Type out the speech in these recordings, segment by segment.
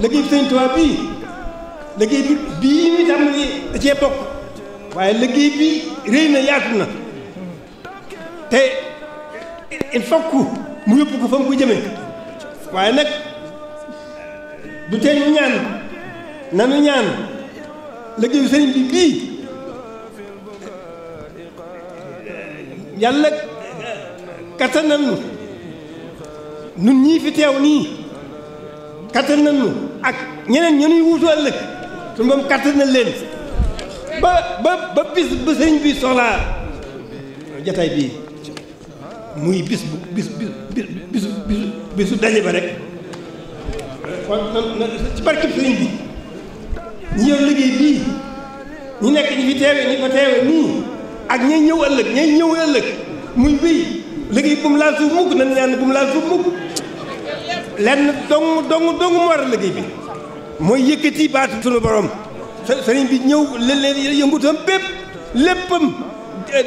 liggéey sëñ Tuubaa bii liggéey bi bii mi tàmbali da cee waaye liggéey bi réy na yaatu na te il mu yóbbu ko fa waaye nag du tee ñu ñaan nanu ñaan liggéeyu sëriñ bi bii yàlla kattan nañu nun ñii fi teew nii kattan nañu ak ñeneen ñenuy wuutu ëllëg suñu moom kàttan na leen ba ba ba bis ba sëñ bi soxlaa jataay bii muy bis bu bis bis bisu bisu bisu daje ba rek kon ci barkeb sëñ bi ñi yor liggéey bii ñu nekk ñi fi teewe ñi fa teewe nii ak ñay ñëw ëllëg ñay ñëw ëllëg muy bii liggéey bu mu laal suuf mukk nan ñaan bu mu laal mukk lenn dong dong dong moo war a liggéey bi mooy yëkkati baatu sunu borom sëriñ bi ñëw leen yëngutam bépp léppam eh,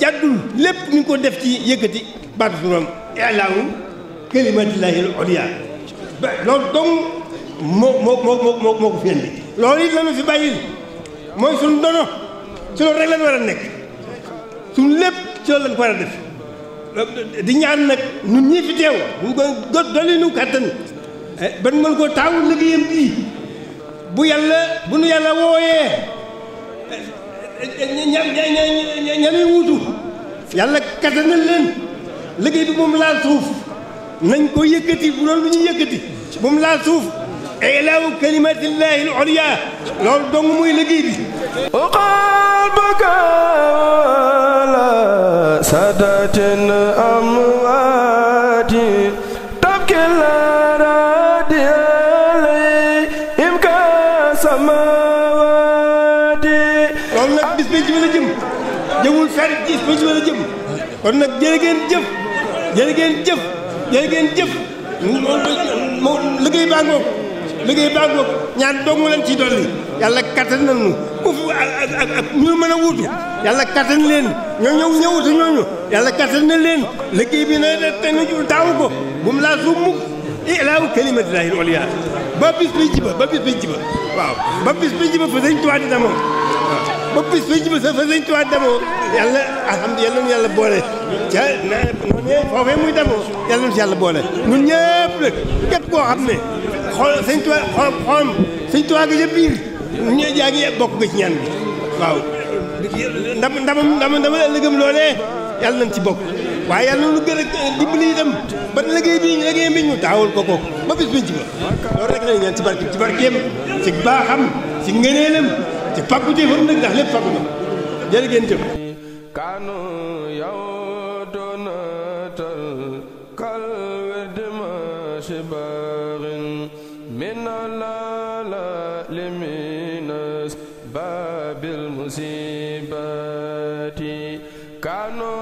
jàddul lépp mi ngi ko def ci yëkkati baatu sunu borom ilaahu kalimatillahi al-ulya loolu dong moo moo moo moo moo ko fi indi loolu it lañu fi bàyyil mooy suñu dono ci loolu rek lañ war a nekk suñu lépp ci loolu lañ ko war a def di ñaan nag ñun ñii fi teew bu ba dolli nu kàttan eh, ban mën ko taawu liggéeyam bii bu yàlla bu nu yàlla wooyee eh, eh, ña ña ña ña wuutu yàlla kattanal leen liggéey bi moom laal suuf nañ ko yëkkati bu loolu lu ñuy yëkkati moom laal suuf ilaawu kalimatillahi al-ulya loolu dong muy liggéey bi أقال بكى على سادتنا kon nag bis bañ ci mën a jëm jëmul fer gis bañ ci mën a jëm kon nag jërë jëf jërë jëf jërë jëf liggéey baa ngoog liggéey baa ngoog ñaan dong leen ci dolli yàlla kattan nañu ku fi ak ak ñu mën a wuutu yàlla kattan leen ñoo ñëw ñëwutu ñooñu yàlla kattan na leen liggéey bi te nuju daaw ko bu mu laa suuf mukk ilaahu kalimatillahi oliya ba bis bi jiba ba bis bi jiba waaw ba bis bi jiba fa sëñ tuwaa di demoo ba bis bi jiba sa fa sëñ tuwaa di demoo yàlla alhamdulilah yàlla yàlla boole ca na noonee foofee muy demoo yàlla nu si yàlla boole ñun ñëpp nag képp koo xam ne xool sëñ tuwaa xool xool sëñ tuwaa ga ca biir ñu yaa ngi bokk nga ci ñaan bi waaw ndam ndamam ndam ndamal ëllëgam loolee yàlla nañ ci bokk waaye yàlla nañu gën a dimbali itam ba liggéey bi liggéey bi ñu taawul ko kooku ba bis biñ ci ba loolu rek lañ ñaan ci barke ci barkeem ci baaxam ci ngëneelam ci fàggu jëfam nag ndax lépp fàggu na jërë ngeen jëf kaanu yow doona tal kal wérdi ma baaxin min la la liminas musi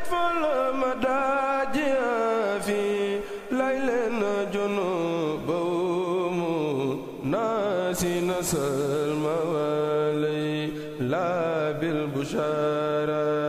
يدفل مداجع في ليل جنوبهم ناسي نسل موالي لا بالبشارة